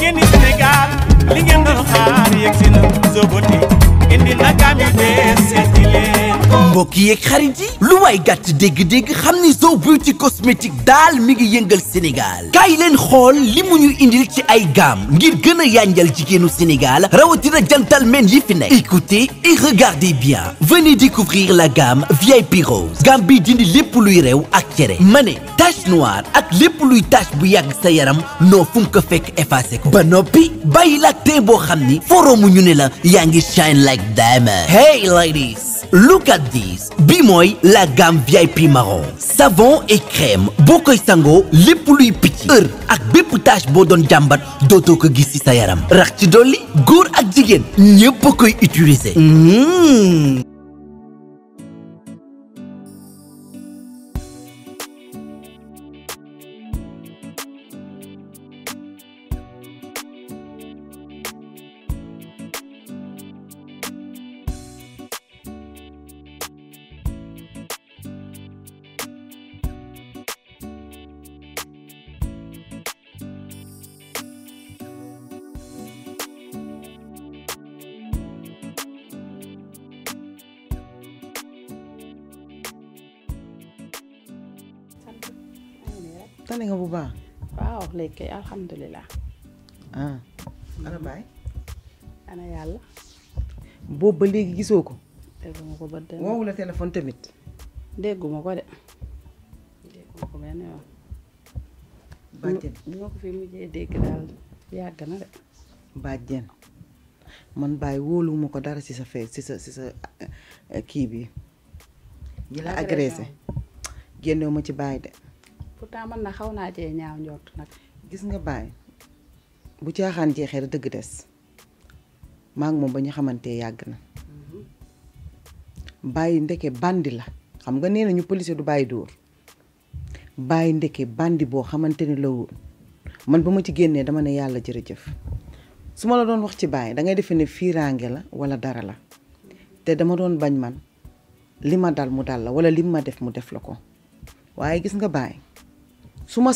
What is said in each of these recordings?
yéen Sénégal li ngeen doon xaar yegg si na indi nagam yeeg xarit yi. lu waay gàtt dégg-dégg xam ni Zo ci cosmétique daal mi ngi yëngal Sénégal. kaay leen xool li mu ñu indil ci ay gamme ngir gën a yanjal jigéenu Sénégal rawatina gentlemen yi fi nekk. écoutez et regardez bien. venez découvrir la gamme VIP Rose. gamme bi dindi lépp luy rew ak cere. ma ne tache noire ak lépp luy tache bu yàgg sa yaram noo fu fekk effacé ko. ba noppi bàyyi la teint xam ni foromu ne la yaa ngi shine light like diamonds. bi mooy la gamme VIP marron. savon et crème boo koy sangoo lépp luy picc. heure ak bépp tache boo doon jàmbat dootoo ko gis ci sa yaram. rax ci dolli góor ak jigéen ñépp koy utiliser. Mmh. soxlay kay alhamdulilah. ah. ana baay. ana yàlla. boobu ba léegi gisoo ko. dégguma ko ba dégg. woowu la téléphone tamit. dégguma ko de. dégguma ko fi mujjee dégg daal yàgg na de. bàjjen man bàyyi wóoluwuma ko dara ci sa fee ci sa ci sa eh, kii bi. ñi la agressé génnewu ma ci bàyyi de. pourtant man na xaw naa cee ñaaw njort nag. gis nga bay bu xaan jeexee da deug dess ma ak mom ba ñu xamante na bay ndeke bandi la xam nga nee ñu policier du bay dóor bay ndeke bandi bo xamanté ni la woon man bama ci génné dama né yalla jërëjëf su la doon wax ci bay da ngay firangé la wala dara la té dama doon bañ man lima dal mu dal la wala lima def mu def la ko gis nga bay suma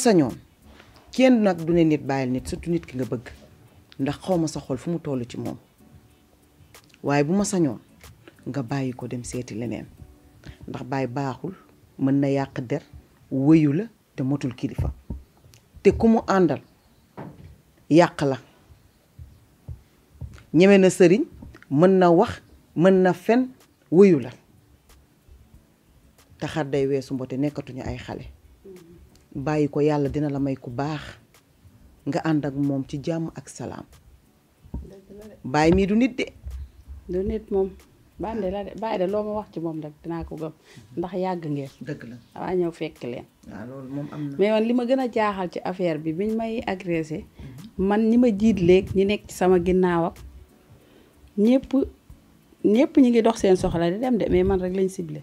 kenn nag du ne nit bàyyil nit surtout nit ki nga bëgg ndax xaw ma sa xol fu mu toll ci moom waaye bu ma sañoon nga bàyyi ko dem seeti leneen ndax bàyyi baaxul mën na yàq der wéyu la te motul kilifa te ku mu àndal yàq la ñeme na sëriñ mën na wax mën na fen wéyu la taxar day weesu mbote nekkatuñu ay xale bàyyi ko yàlla dina la may ku baax nga ànd ak moom ci jàmm ak salaam. bàyyi mii du nit de. du nit moom bànde la de bàyyi de loo ma wax ci moom rek dinaa ko gëm ndax yàgg ngeen. dëgg la waaw ñëw fekk leen. mais man li ma gën a jaaxal ci affaire bi biñ may agressé. man ñi ma jiit léeg ñi nekk ci sama ginnaaw ak ñëpp ñëpp ñi ngi dox seen soxla di dem de mais man rek lañ ciblé.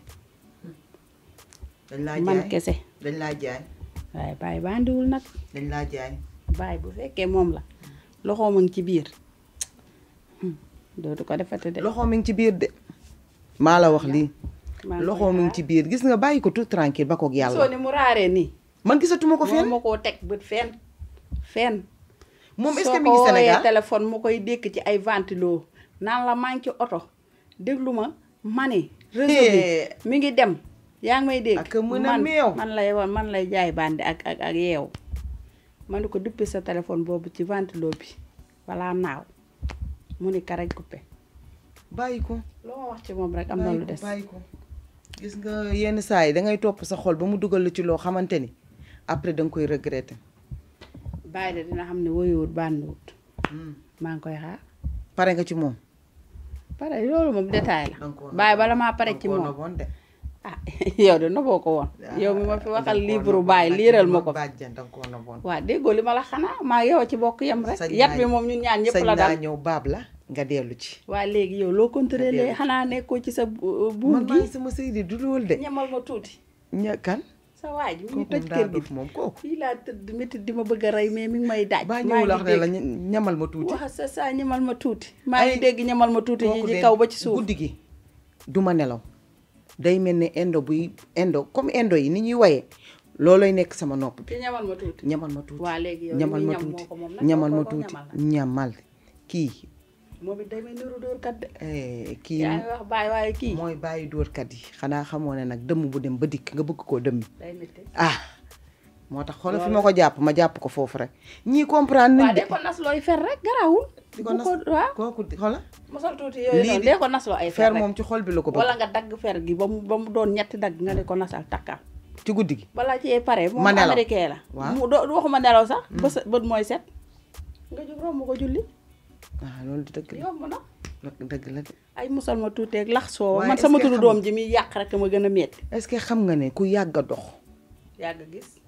dañ man kese dañ laa jaay. waaye bàyyi bandiwul nag. dañ laa jaay. bàyyi bu fekkee moom la loxoo ma ngi ci biir hmm. dootu ko defate de. loxoo mi ngi ci biir de maa la wax lii. loxoo mi ngi ci biir gis nga bàyyi ko tout tranquille ba koog yàlla. soo ne mu raaree nii. man gisatuma ko fenn ma koo teg bët fenn fenn. moom est-ce que mi mu koy dékk ci ay ventilo naan la maa ngi ci oto déglu ma ma ne. réseau mi ngi dem. yaa ngi may dégg ak mën a man lay woon man lay jaay bandi ak ak ak yeew ne ko duppi sa téléphone boobu ci ventilo bi balaa naaw mu ni karañ coupé bàyyi ko loo wax ci moom rek am na lu des gis nga yenn saa yi dangay topp sa xol ba mu dugal la ci loo xamante ni après danga koy regretter bàyyi de dina xam ne woyuwut bàndiwut hmm. maa ngi koy xaar pare nga ci moom pare loolu moom détail la bàyyi bala maa pare ci moom ah yow de noboo ko woon. Ah, yow mi ma fi waxal livre baay liiral ma ko. waa déggoo li ma la xanaa maa yow ci bokk yam rek. yat bi moom ñun ñaan ñëpp la dal sañ naa ñëw baab la nga dellu ci. waa léegi yow loo contrôlé xanaa nekkoo ci sa uh, buum gi. sama sëy du loolu de. ñamal ma tuuti. ña kan. sa waay ji mu ngi moom kooku. fii laa tëdd métti di ma bëgg a rey mais mi ngi may daaj. maa ngi dégg la la ñamal ma tuuti. waaw c'est ça ñamal tuuti. maa ngi dégg ñamal ma tuuti. ji kaw ba ci suuf guddi gi du ma nelaw day mel ne indo buy indo comme indo yi ni ñuy woyee loolooy nekk sama nopp bi ñamal ma tuuti ñamal ma tuuti waa léegi yow ñamal ma tuuti kii moom it day may niru dóorkat de eh, kii wax kii mooy bàyyi dóorkat yi xanaa xamoo ne nag dëmm bu dem ba dikk nga bëgg koo dëmmi moo tax xoolal fi ma ko jàpp ma jàpp ko foofu rek. ñii comprendre nañu de waaw de ko nas looy fer rek garaawul. di ko nas kooku xoolal. mosal tuuti yooyu noonu de ay fer rek moom ci xol bi la ko bëgg. wala nga dagg fer gi ba mu ba mu doon ñetti dagg nga ne ko nasal takka. ci guddi gi balaa ci pare. ma nelaw moom américain la. waaw mu doo waxuma nelaw sax. Mm. bës bët mooy set. nga jub romb ko julli. waaw ah, loolu dëgg la yomb na. dëgg la de. ay musal ma tuuteeg lax soo man sama turu doom ji mi yàq rek ma gën a métti. est-ce que xam nga ne ku yàgg a dox. yàgg gis.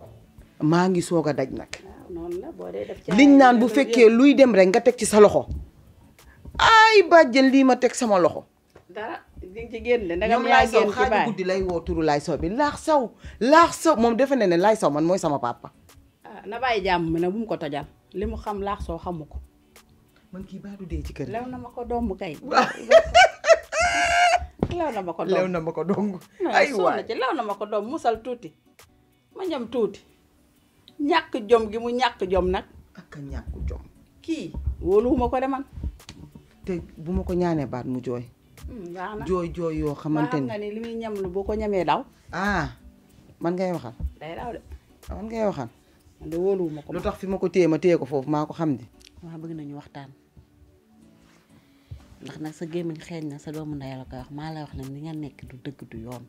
maa ngi soog a daj nag liñ naan bu fekkee luy dem rek nga teg ci sa loxo ay bàjjen lii ma teg sama loxo dara ci génn ñoom laay saw lay woo saw bi laax saw laax saw moom defe ne ne laay saw man mooy sama papa ah, na bàyyi jàmm mi ne mu ko tojal li mu xam laax soo xamu ko man kii baadu dee ci kër lew na ma ko doom kay lew na ma ko doom lew na ma ko doom ay waay musal tuuti ma ñam tuuti ñàkk jom gi mu ñàkk jom nag. ak a ñàkk jom. kii wóoluwuma ko de man. te bu ma ko ñaanee baat mu jooy. Hmm, jooy jooy yoo xamante ni. xam nga li muy ñamlu boo ko ñamee daw. Ah, man ngay waxal. day daw de. Ah, man ngay waxal. man de wóoluwuma ko. lu tax fi ma ko téye ma téye ko foofu maa ko xam di. waaw nañu waxtaan. ndax nag sa gémmiñ xeeñ na sa doomu ndey la koy wax maa lay wax ne ni nga nekk du dëgg du yoon.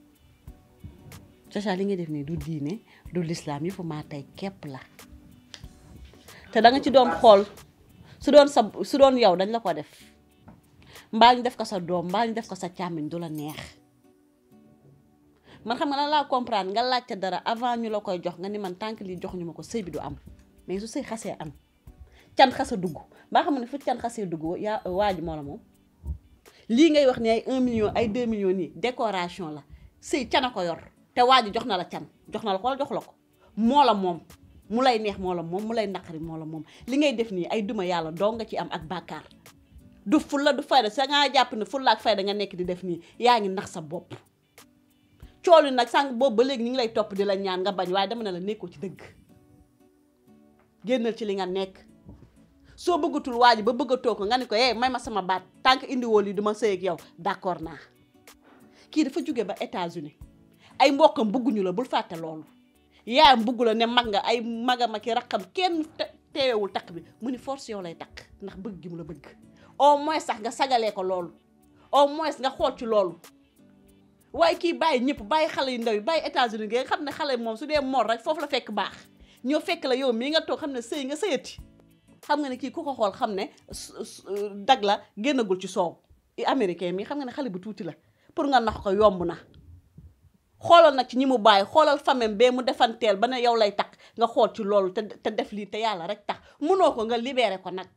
Chacha li ngay def nii du diine du lislaam yëpp ma tey képp la te danga ci doon xool su doon sa su doon yow dañ la ko def mbaa ñu def ko sa doom mbaa ñu def ko sa càmmiñ du la neex man xam nga lan laa comprendre nga laajte dara avant ñu la koy jox nga ni man tànk que lii jox ñu ma ko sëy bi du am mais su sëy xasee am can xasa dugg mbaa xam nga ne fu can xasee dugg yaa waa ji moo moom lii ngay wax ne ay un million ay 2 millions nii décoration la sëy cana ko yor te waaju jox na la can jox na la ko wala jox la ko moo la moom mu lay neex moo la moom mu lay naqari moo la moom li ngay def nii ay duma yàlla doo nga ci am ak bàkkaar du la du fayda sa nga jàpp ne fulla ak fayda nga nekk di def nii yaa ngi nax sa bopp cool yi nag sànq boobu ba léegi ñu ngi lay topp di la ñaan nga bañ waaye dama ne la nekkoo ci dëgg génnal ci li nga nekk soo bëggatul waa ji ba bëggatoo ko nga ne ko eh may ma sama baat tant que indiwoo lii duma ma sëy ak yow d'accord naa kii jóge ba États-Unis ay mbokkam bëgguñu la bul fàtte loolu yaayam bëggu la ne mag nga ay magam ak i rakkam kenn teewewul takk bi mu ni force yow lay takk ndax bëgg gi mu la bëgg au moins sax nga sagalee ko loolu au moins nga xool ci loolu waaye kii bàyyi ñëpp bàyyi xale yu ndaw yi bàyyi États-Unis nga xam ne xale moom su dee mor rek foofu la fekk baax ñoo fekk la yow mii nga toog xam ne sëy nga sëyati xam nga ne kii ku ko xool xam ne dag la génnagul ci soow i américain mi xam nga xale bu tuuti la pour nga nax ko yomb na xoolal nag ci ñi mu bàyyi xoolal famem bee mu defanteel ba ne yow lay takk nga xool ci loolu te te def lii te yàlla rek tax mënoo ko nga libeere ko nag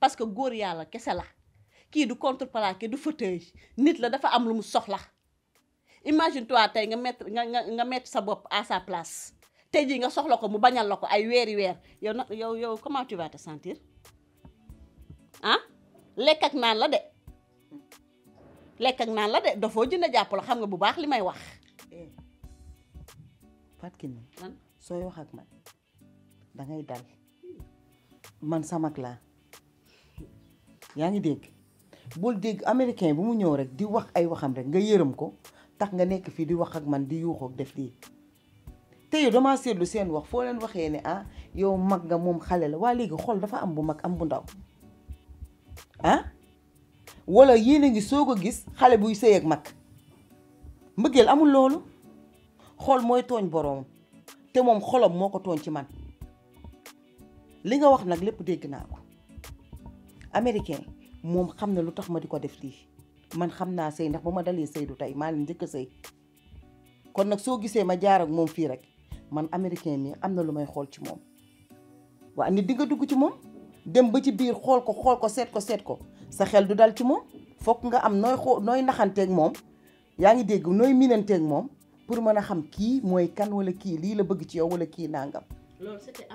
parce que góor yàlla kese la kii du contre contreplaqué du fauteuil nit la dafa am lu mu soxla imagine toi tey nga mettre nga nga sa bopp à sa place tey jii nga soxla ko mu bañal la ko ay weeri weer yow nag yow yow comment tu vas te sentir ah lekk ak naan la de lekk ak naan la de dafoo jënd jàpp la xam nga bu baax li may wax eh Fatkine man sooy wax ak man dangay dal man sama laa yaa ngi dégg bul dégg américain bu mu ñëw rek di wax ay waxam rek nga yërëm ko tax nga nekk fii di wax ak man di yuuxoog def lii te yow damaa seetlu seen wax foo leen waxee ni ah yow mag nga moom xale la waa léegi xol dafa am bu mag am bu ndaw ah wala yéen a ngi soog a gis xale buy sëy ak mag mbëggeel amul loolu xool mooy tooñ boroom te moom xolam moo ko tooñ ci man li nga wax nag lépp dégg naa ko américain moom xam na lu tax ma di ko def lii man xam naa sëy ndax ba ma dalee sëy du tey maa leen njëkk a sëy kon nag soo gisee ma jaar ak moom fii rek man américain mi am na lu may xool ci moom waa nit di nga dugg ci moom dem ba ci biir xool ko xool ko seet ko seet ko sa xel du dal ci moom fokk nga am nooy xoo nooy naxanteeg moom yaa ngi dégg nooy miinanteeg moom pour mën a xam kii mooy kan wala kii lii la bëgg ci yow wala kii nangam. loolu c'était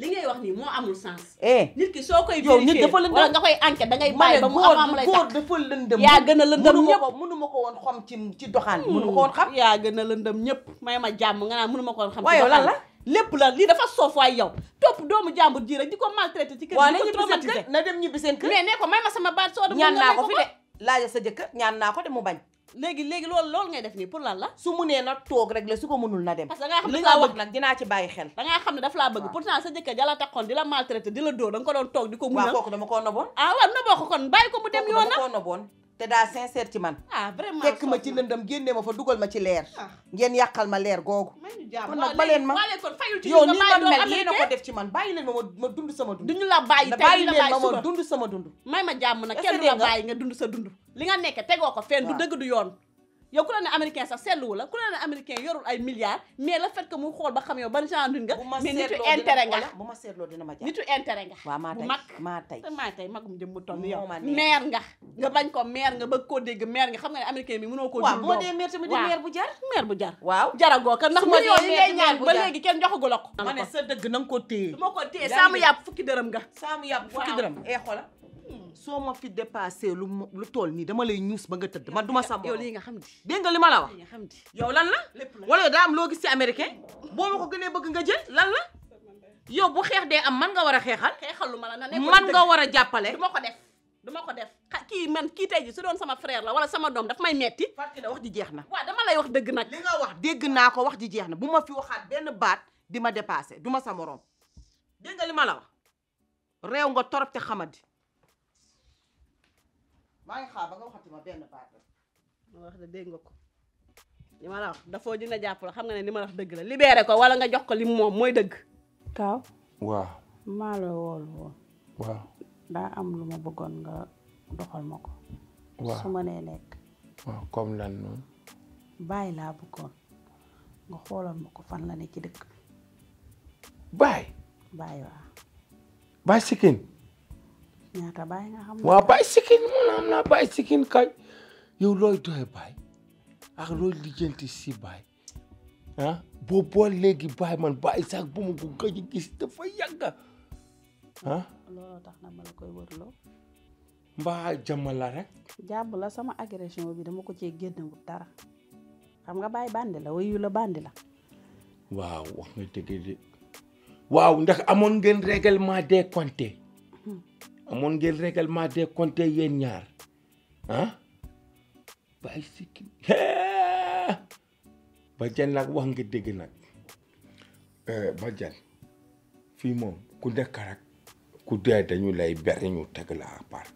li ngay wax nii moo amul sens. Eh. nit ki soo koy. yow nit dafa lëndëm wala nga koy enquête da ngay bàyyi ba mu am lay góor dafa lëndëm. ma ko woon xam ci ci doxaan. mënu ko woon xam yaa gën a lëndëm ñëpp. may ma jàmm nga naan mënu ma ko woon xam. waaye lan la lépp la lii dafa soof waay yow topp doomu jàmbur ji rek di ko maltraité ci kër gi na dem ñibbi seen kër mais ne ko may ma sama baat soo dem ñaan naa ko ñaan naa ko de mu bañ léegi léegi loolu loolu ngay def nii pour lan la su munee na toog rek la su ko munul na dem parce que dangaa xam ne li wax nag dinaa ci bàyyi xel dangaa xam ne daf laa bëgg pourtant sa jëkkër jala taxoon di la maltraité di la dóor da nga ko doon toog di ko munal waaw ah, waaw noboo ko kon ah, ma génnee ma fa dugal ma ci leer ah. ngeen yàqal ma leer googu kon nag ba leen ma yow ni ma a ko def ci man dund sama dund may ma jàmm nag kenn la bàyyi nga dund sa dund li nga nekke tegoo ko fenn du dëgg du yoon yow ku la ne américain sax seetluwu la ku la ne américain yorul ay milliards mais le fait mu xool ba xam yow ban genre nit nga mais bu ma seetloo dina ma jàpp nitu intérêt nga waaw maa tey mag maa tey maa nga nga bañ ko maire nga bëgg koo dégg maire nga xam nga ne américain bi mënoo koo waaw boo dee maire tamit di maire bu jar maire bu jar jaragoo ko ndax ma yow li ngay ñaan ba léegi kenn joxagu la ko ma ne sa dëgg na nga ko téye du ma yàpp fukki dërëm nga saamu yàpp fukki dërëm ee eh, xoola soo ma fi dépassé lu lu tool nii dama lay ñuus ba nga tëdd ma duma sama yow lii nga xam di dégg li ma la wax yow lan la wala yow daa loo gis ci américain boo ko gënee bëgg nga jël lan la yow bu xeex dee am man nga war a xeexal xeexal lu ma la na man nga war a jàppale duma ko def duma ko def kii man kii tey su doon sama frère la wala sama doom daf may metti parce que wax ji jeex na waaw dama lay wax nag li nga wax dégg naa ko wax ji jeex na bu ma fi waxaat benn baat di ma duma sa morom dégg nga li ma la wax réew nga torop te xamadi maa ngi nga wax de dégg nga ko li ma la wax dafoo dina jàpp la xam nga ne li ma la dëgg la libéré ko wala nga jox ko li moom mooy dëgg. Kaaw. maa la woon. daa am lu ma bëggoon nga doxal ma ko. su ma nee nekk. waaw comme lan noonu. bàyyi laa bëggoon nga xoolal ma ko fan la ne ci dëkk bi. bàyyi. bàyyi waaw. bàyyi sikkin. ñaata baay nga xam. waaw baay sikkin man am naa baay sikkin kañ yow looy doye baay ak looy lijjanti si baay ah boo boole baay man baay sax bu ma ko gëj a gis dafa yàgg ah. looloo tax na ma la koy wërloo. mbaa jàmm la rek. jàmm la sama agression bi dama ko cee génn dara xam nga baay bandi la wayu la bandi la. waaw wax nga waaw ndax amoon ngeen règlement des comptes. amoon ngeen règlement des comptes yéen ñaar ah bàyyi sikki Badiane nag wax nga dégg nag eh, Badiane fii moom ku nekk rek ku dee dañu lay ber ñu teg la à part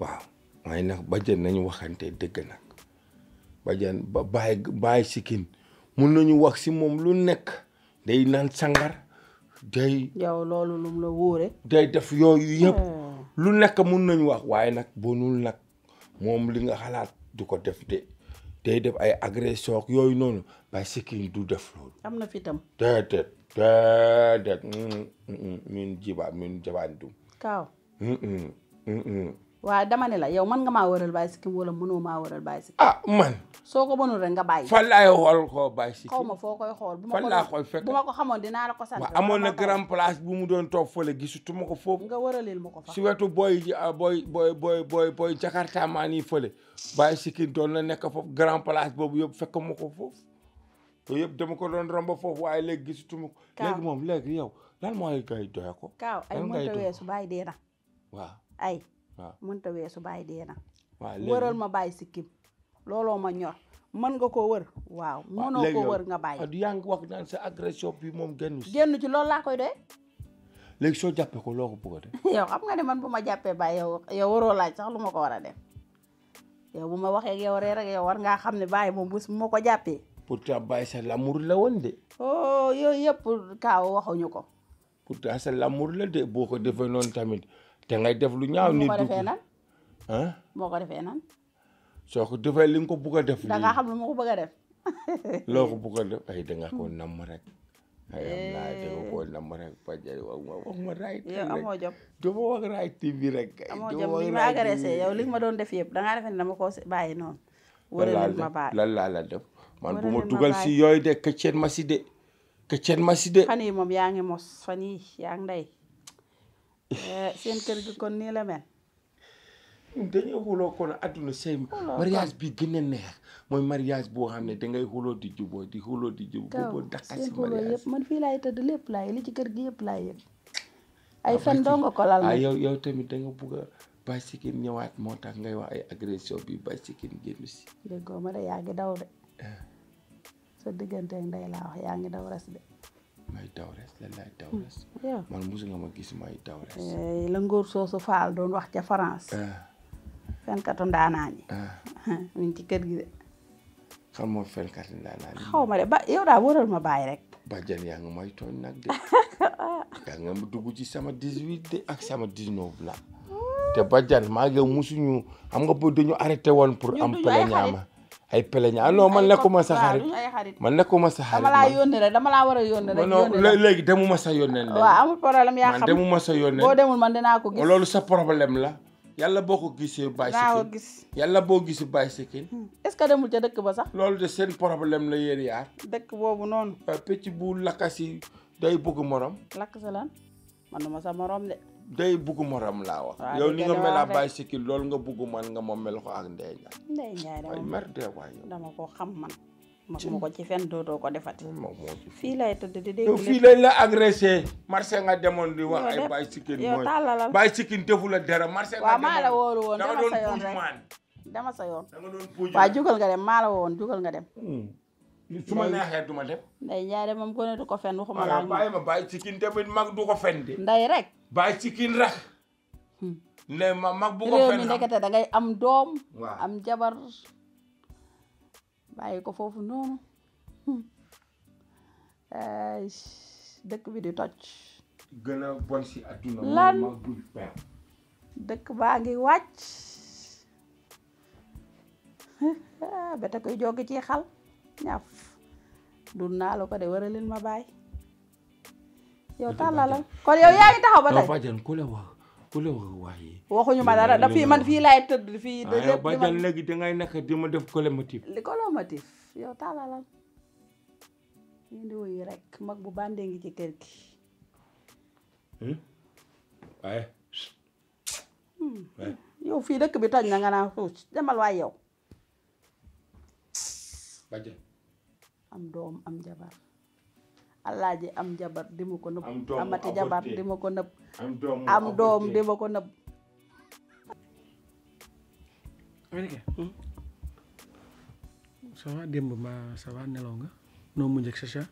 waaw waaye nag Badiane nañu waxante dégg nag Badiane ba bàyyi bàyyi sikkin mun nañu wax si moom lu nekk day naan sangar day loolu lum la day def yooyu yëpp hmm. lu nekk mun nañu wax waaye nag bonul nag moom li nga xalaat du ko def de day def ay sook yooyu noonu bay sikkiñ du def loolu am na fi tam déedéet déedéet min jiba min jabaan dum kaaw waaye dama la yow man nga maa waral bàyyi sikkim wala mënoo ma waral bàyyi sikkim ah man soo ko mënul rek nga bàyyi fan laay xool koo bàyyi sikkim xaw ma foo koy xool bu fan laa koy fekk bu ma ko xamoon dinaa la ko sant waaw amoon na grand bu mu doon toog fële gisutu ma ko foofu nga waralil ma ko fa si wetu booy ah, booy booy booy booy booy jakarta maa nii fële bàyyi sikkim doon na nekk foofu grand boobu yëpp fekk ko foofu yooyu yëpp dama ko doon romb foofu waaye léegi gisutu ma ko léegi moom léegi yow lan mooy gay doya ko kaaw ay mënta weesu bàyyi dee na waaw mënta weesu bàyyi na. waral wëral ma bàyyi sikkim lolo ma ñor mën nga ko wër. waaw mëno ko wër nga bay ah, du yang wax naan sa agression bi mom génn si. génn ci lolo la koy doy. léegi so jappé ko loo bëgg a yow xam nga ne man buma jappé bay yow yow waroo laaj sax luma ko wara def yow buma waxé ak yow rek yow war nga xamné bay mom moom bés bu pourtant sa lamour la won de. oh yoy yëpp kaw waxu ñuko pourtant sa lamour la de boo ko tamit. te ngay def lu ñaaw. ni dugg moo ko defee nan. soo ko defee li ko bugg a def. da ngaa xam lu ma ko bëgg a def. loo ko bugg a def ay da nga ko namm rek. ay am eh. ko namm rek Fadjari wax ma ma raay. yow rek. amoo jom bi ma agressé yow li ma doon def yëpp da ngaa defe ne dama ko bàyyi noonu. wërële ma bàyyi laa la def man bu ma dugal si yooyu de këcceen ma si de këcceen ma si de. fan moom yaa ngi mos fan yii yaa ngi day. Eh, seen kër gi kon nii la mel. dañuy xuloo kon àdduna sëy mariage bi gën a neex mooy mariage boo xam ne dangay xuloo di juboo di xuloo di juboo. boobu daqa si mariage man fii laay tëdd lépp laay li ci kër gi yëpp laay yëg. ay fen doo nga ko lal ah, na yow tamit danga bugg a bicycle ñëwaat moo tax ngay wax ay agression bi bicycle génn si. déggoo ma de yaa ngi daw de. Ah. sa diggante ndey laa wax yaa ngi daw res de. may daw res la lay daw res man musu nga ma gis may daw res eh, la ngóor soosu faal doon wax ca France ah. fenkatu ndaanaa ñi ah. mi ngi ci kër gi de xam moo fenkatu ndaanaa ñi ma de ba yow daa wëral ma bàyyi rek bàjjan yaa ngi may tooñ nag de yaa nga dugg ci sama 18 de ak sama 19 la hmm. te bàjjan maa ngi musuñu xam nga bo dañu arrêté woon pour am ñaama ay peleña ah, non man nekkuma sa xarit man nekkuma sa xarit dama laa yónnee rek dama laa war a yoon rek non léegi demuma sa yónnee waaw amul problème yaa xam man demuma sa yónnee boo ko gis loolu sa la yàlla boo ko gisee bàyyi sa gis yàlla boo gis bàyyi sa kin hmm. est-ce que demul ca dëkk ba sax loolu de seen problème la yéen yaar dëkk boobu noonu picc bu lakkas yi day bëgg morom lakk sa lan man duma sa morom de day bugg morom la wax. yow ni nga mel a bàyyi sikil nga bugg nga ma mel ko ak Ndeye Ndiaye. Ndeye Ndiaye dama mer dee waay yow. dama ko xam man. ko ci fenn dootoo ko defati. fii lay la agressé. marché nga demoon di wax ay bàyyi sikil mooy yow tàllalal bàyyi sikil defu la dara marché nga demoon sa yoon la woon jugal nga dem. Hmm. su ma neexee du ma dem. nday jaare moom gone ma bàyyi ci kin tamit rek. bàyyi cikin rak hmm. ne ma mag bu ko fen réew mi am doom am jabar bàyyi ko foofu noonu hmm. dëkk bi di toj gën lan dëkk baa ngi wàcc ba koy joggi ci xal ñaaf dun naa ko de wara leen ma baay yow la kon yow yaa ngi hmm? hmm. taxaw ba tey bàjjan ku la wax ku la wax wax yi waxuñu ma dara da fii man fii laay tëdd fii da lépp bàjjan léegi dangay nekk di ma def colomotif li colomotif yow tàllalal ngeen di wuyu rek mag bu bàndee ngi ci kër gi waaye yow fii dëkk bi toj na nga naan suuf demal waay yow bàjjan am dom am jabar alaaji am jabar di ma ko nëb amati jabar di ma ko am dom, di ma ko Sama ça va démb ma ça va nelaw nga no mu jek Chacha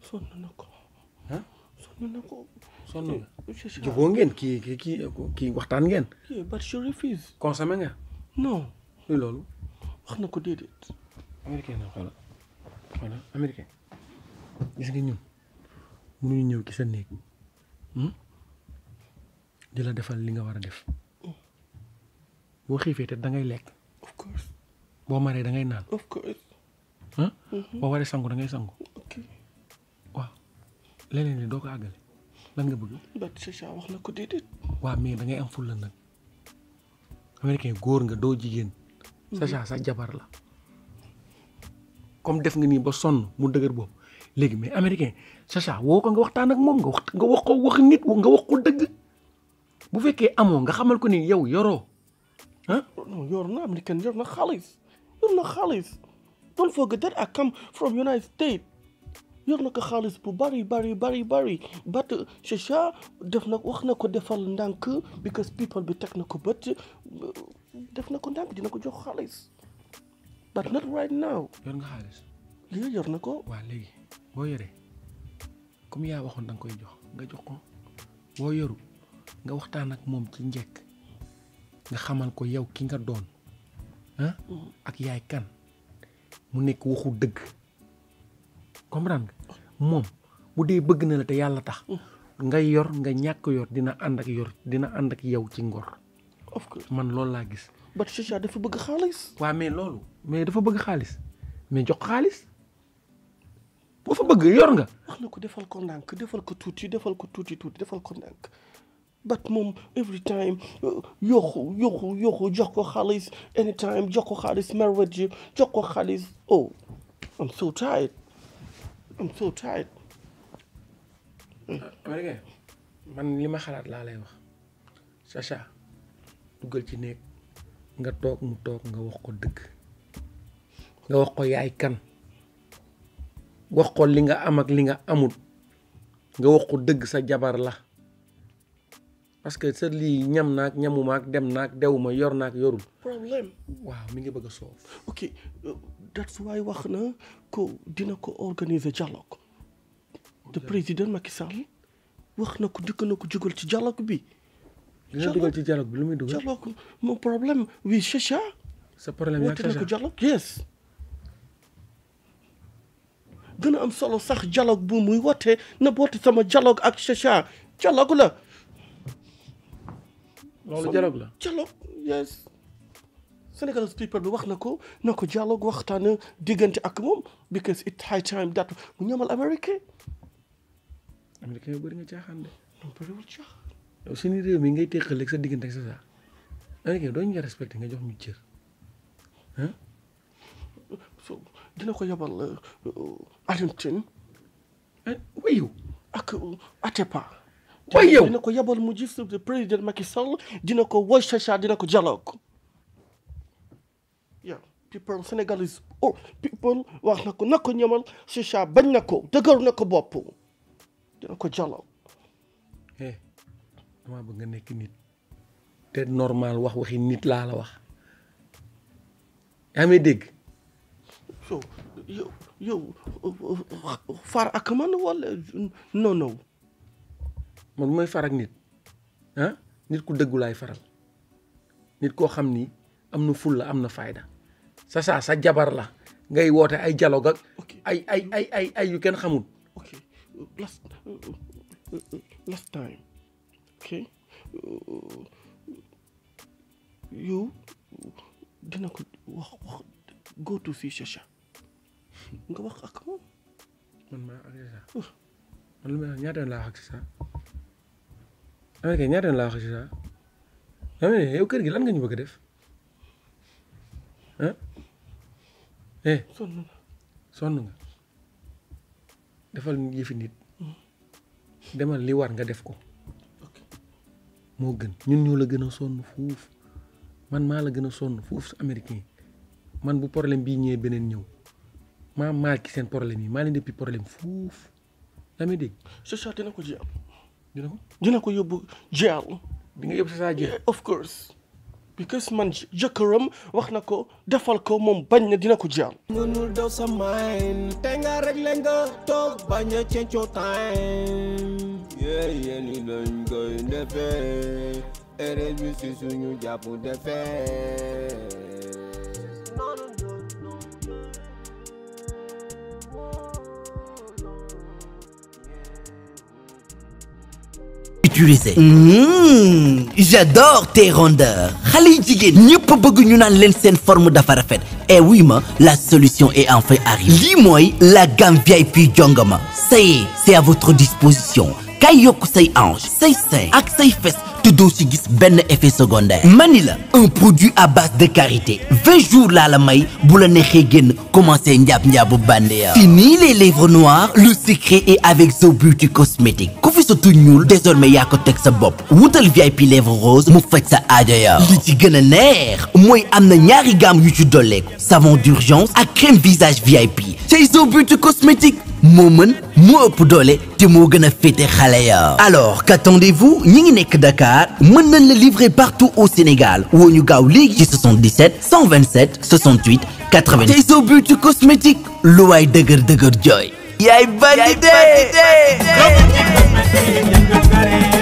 sonn na ko ah sonn na ko sonn nga juboo ngeen ki ki kii kii waxtaan ngeen but she refuse sama nga non lu loolu wax na ko na xala voilà américain gis nga ñun mënuñu ñëw ci sa néeg hmm? di la defal li nga war a def boo xiifee te da ngay lekk. of boo maree dangay ngay naan. of course ah. boo waree sangu da sangu. waaw leneen li doo ko àggale lan nga bëgg. Batista wax na ko déedéet. mais da ngay am fulla nag américain góor nga doo jigéen. Sacha mm-hmm. sa jabar la. comme def nga nii ba sonn mu dëgër boobu léegi mais américain Sacha woo ko nga waxtaan ak moom nga wax nga wax ko wax nit nga wax ko dëgg bu fekkee amoo nga xamal ko ni yow yoroo ah. yor na américain yor na xaalis yor na xaalis don't forget that I come from United yor na ko xaalis bu bari bari bari bari but Sacha def na wax na ko defal ndànk because people bi teg na ko bët def na ko ndànk dina ko jox xaalis. But not right now. yor nga xaalis. lii iya, yor na ko. waa léegi yore yoree comme yaa waxoon da nga koy jox nga jox ko boo yoru nga waxtan ak mom ci njekk nga xamal ko yow ki nga Gak ah. Mm. ak yaay kan mu nek waxu deug comprendre mom bu dee beug na la te yalla tax. Mm. nga yor nga ñak yor dina and ak yor dina and ak yow ci ngor. man lool la gis. Bat dafa bëgg xaalis. waaw mais loolu. mais dafa bëgg xaalis mais jox xaalis boo fa bëgg yor nga. wax na ko defal ko ndànk defal ko tuuti defal ko tuuti tuuti defal ko ndànk bat moom every time yokku yokku yokku jox ko xaalis anytime jox ko xaalis merwet ji jox ko xaalis oh I'm so tired I'm so tired. man li ma xalaat laa lay wax Chacha duggal ci néeg. nga toog mu toog nga wax ko dëgg nga wax ko yaay kan wax ko li nga am ak li nga amul nga wax ko dëgg sa jabar la parce que sa lii ñam naag ñamumaak dem naag dewuma yor naag yorul problème waaw mi ngi bëgg a ok euh, that's why wax na ko dina ko organiser dialogue le président Macky Sall wax na ko dikk na ko jugal ci dialogue bi li la dugal ci dialogue bi lu muy dugal dialogue mon problème oui Chacha. sa problème yaa Chacha gën a am solo sax dialogue bu muy woote na boote sama dialogue ak Chacha dialogue la. loolu la dialogue yes. Sénégal people bi wax na ko na ko dialogue waxtaan diggant ak moom because it high time that mu ñamal Amérique. Amérique yow bëri nga caaxaan de. suñu réew mi ngay téqal ak sa digënté ak sa saa daanaka yow doo respecté nga jox ñu cër ah dina ko yabal eh, eh, Argentine eh, way wayu ak Atepa way yow dina ko yabal mu le président Macky Sall dina ko woy Chacha dina ko dialogue Ya, people Sénégal is oh people wax na ko na ko ñamal Chacha bañ na ko dëgër na ko bopp dina ko dialogue dama bëgg nga nekk nit te normal wax waxi nit laa la wax yaa may dégg yow yow far ak man wala non non man mooy far ak nit nit ku dëggulaay faral nit koo xam ni am na ful la am na fayda sa saa sa jabar la ngay woote ay dialogue ak ay ay ay ay yu kenn xamul last time okay yow dina ko wax wax go to see Chacha nga wax ak moom. man maa ak Chacha man lu ma wax ñaata laa amee kay yow kër gi lan nga ñu bëgg a def ah eh. sonn nga sonn nga defal yëfi nit mm. demal li war nga def ko. moo gën ñun ñoo la gën a sonn fuuf man maa la gën a sonn fuuf su américain man bu problème bii ñëwee beneen ñëw maa maa ki seen problème yi maa leen depuis problème fuuf la may dégg. Chacha dina ko jiyaam. dina ko dina ko yóbbu jiyaam. di nga yóbbu Chacha jiyaam. of course. because man jëkkëram wax na ko defal ko moom bañ na dina ko jiyaam. ñunul daw te nga réglé nga toog bañ a cencoo time yeye nilo ere bi nyu Utiliser. Hmm, j'adore tes rondeurs. xale yi jigéen bëgg ñu forme d'affaires. rafet et eh oui ma la solution est enfin arrivée. Lis-moi, la gamme VIP jongama. ça y est, c'est à votre disposition kay yokk say ange say sein ak say fes te doo ci gis benn effet secondaire Manila, un produit à base de carité. 20 jours laa la may bu la neexee génn commencé njaab-njaabu bandeya fini les lèvres noires le secret est avec Zo Beauty Cosmétique ku fi sa tuñ ñuul désormais yaa ko teg sa bopp wutal VIP lèvres roses mu faj sa aajo li ci gën a neex mooy am na ñaari gamme yu ci savon d'urgence ak crème visage VIP C'est Zo Beauty Cosmétique moo mën moo ëpp doole te moo gën a féete xale ya alors qu'attendez-vous ñi ngi nekk Dakar mën nañ la livrer partout au Sénégal woo ñu gaaw léegi ci 77 127 68 80 tey soo beauty cosmétique lu waay dëgër dëgër jooy yaay bandi de